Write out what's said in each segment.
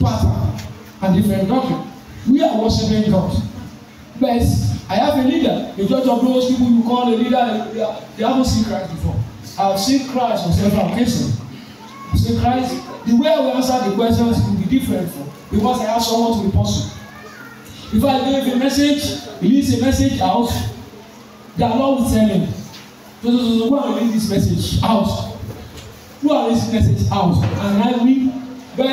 pattern and different doctrine. We are worshiping God. But I have a leader, a judge of those people you call a leader, they, they haven't seen Christ before. I've seen Christ on several occasions. I've seen Christ. The way I will answer the questions will be different from because I have someone to report to. If I give a message, release a message out, the Lord will tell him, so, so, so, so, go and release this message out. Who and release this message out. And I will, but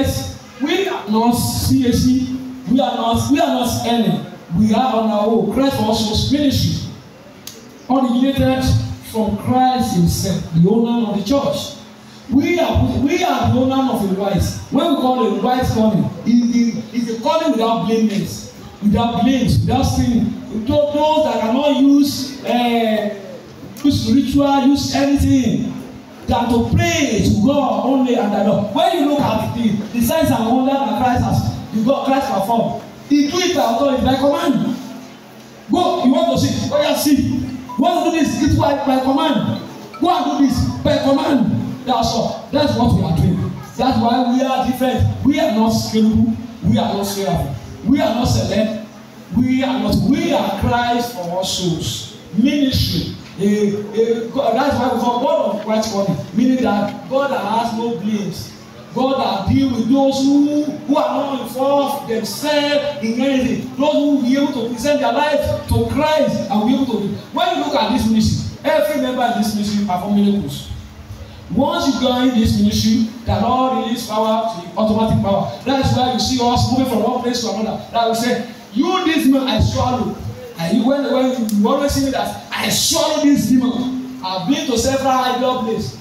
we are not CAC, we are not, we are not any. We are on our own. Christ also ministry, originated from Christ Himself, the owner of the church. We are we are the owner of the wise. When we call it wise calling, is the is the calling without blameless, without blames, without sin. Those that cannot use uh, use ritual, use anything than to pray to God only and alone. When you look at the the signs and wonders that Christ has the God Christ performed, he do it by authority by command. Go, you want to see? Go and see. Want to do this. It's by by command. Go and do this by command. That's all. That's what we are doing. That's why we are different. We are not scalable. We are not scalable. We are not select. We are not. We are Christ for our souls. Ministry. A, eh, a, eh, that's why we call God quite funny meaning that God has no blames God that deal with those who who are not involved themselves in anything those who be able to present their life to Christ and be able to when you look at this ministry every member in this ministry perform miracles once you join this ministry that all release power to the automatic power that is why you see us moving from one place to another that we say you this man I swallow and you when when you always see me that I swallow this demon I've been to several idol place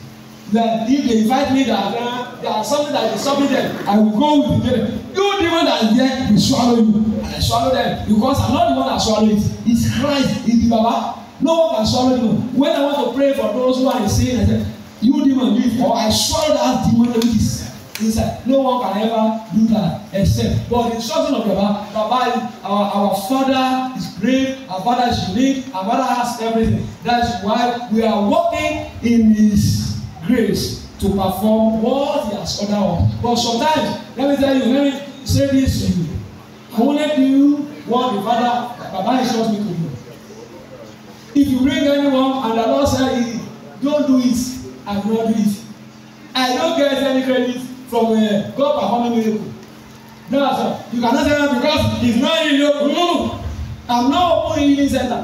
that if they invite me that uh, there are something that is stopping them I will go with them you demon one that is there will swallow you and I swallow them because I'm not the one that swallow it it's Christ it's the Baba no one can swallow you. when I want to pray for those who are in I say you demon leave or I swallow that demon which is inside. No one can ever do that except. But the instruction of Baba, Baba, our, our father is great, our father is unique, our father has everything. That's why we are walking in his grace to perform what he has ordered us. But sometimes, let me tell you, let me say this to you. I wanted you what the father, Baba instructs me to do. If you bring anyone and the Lord says, don't do it, I will not do it. I don't get any credit from uh, God performing miracle. No, sir. You cannot say that because it's not in your room. I'm not open healing center.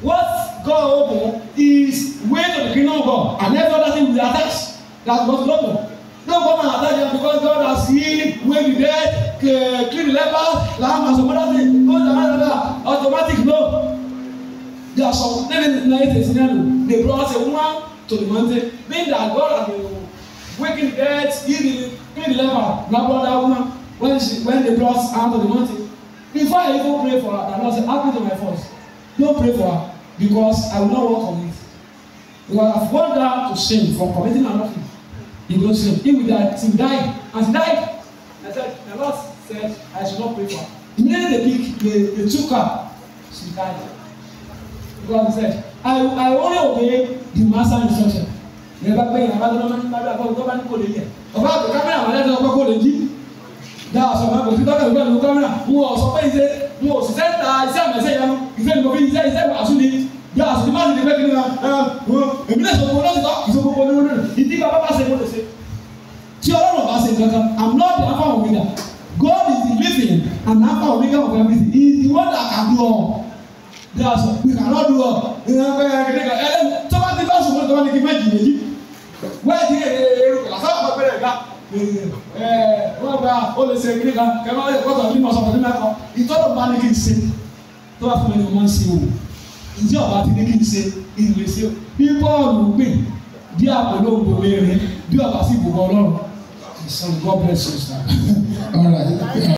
What God open is way to the kingdom of God. And every other thing will is attached. That's what's open. No come and attack them because God has healed, waved the dead, cleaned uh, the lepers, lamb and some other thing. Those are not automatic, no. There are some, let me narrate a scenario. They brought a woman to the mountain, being that God had been waking the dead, healing, pray the leper, blah blah that woman when she when they brought her to the mountain. Before I even pray for her, the Lord said, "Happy to my first. Don't pray for her because I will not work on it. Because I've warned her to shame from committing adultery. He goes shame. He will die till die and she died. I said, the Lord said, I should not pray for her. Immediately they pick, they, they took her. She died. Because he said, I, I only obey the master instruction ní bá gbẹ̀yìn abádọ́lọ́ máa ń gbádùn àbọ̀ tó bá ní kò lè lẹ̀ ọba àgbẹ̀ kámẹ́rà wà lẹ́sẹ̀ ọkọ̀ kò lè jí dá ọ̀sọ̀ máa kò tọ́ka ìgbà lóko kámẹ́rà ń wọ ọ̀sọ̀ pé ìṣe ń wọ òṣìṣẹ́ ta iṣẹ́ àmẹ́sẹ̀ yanu ìṣe ìmọ̀ fi iṣẹ́ iṣẹ́ àṣù ni dá ọ̀sọ̀ tí máa ti di pé kíni èmi náà sọ̀kò lọ́sì tọ́ ìṣòkòkò ní olórí ìdí bàbá bá ṣe kó lè ṣe tí ọlọ́run bá ṣe I'm not the alpha omega God is living and alpha omega is the one that can do all we cannot do all wẹ́ẹ̀dì èrò làṣà wà pẹ́rẹ́ ga wọ́n gba ó lè ṣe kiri kan kẹ́mọ́ lè kọ́tọ̀ bí mo sọ̀rọ̀ nígbà kan ìtọ́jú bá ní kí n ṣe tó bá fún mi ní mo máa ń ṣe o ìjẹ́ ọ̀bá ti ní kí n ṣe ìlú ṣe o bí bọ́ọ̀lù gbè bí àpòlò òǹgbò mẹ́rin bí ọ̀bá sì bùbọ̀ ọlọ́run so God bless you sir. All right.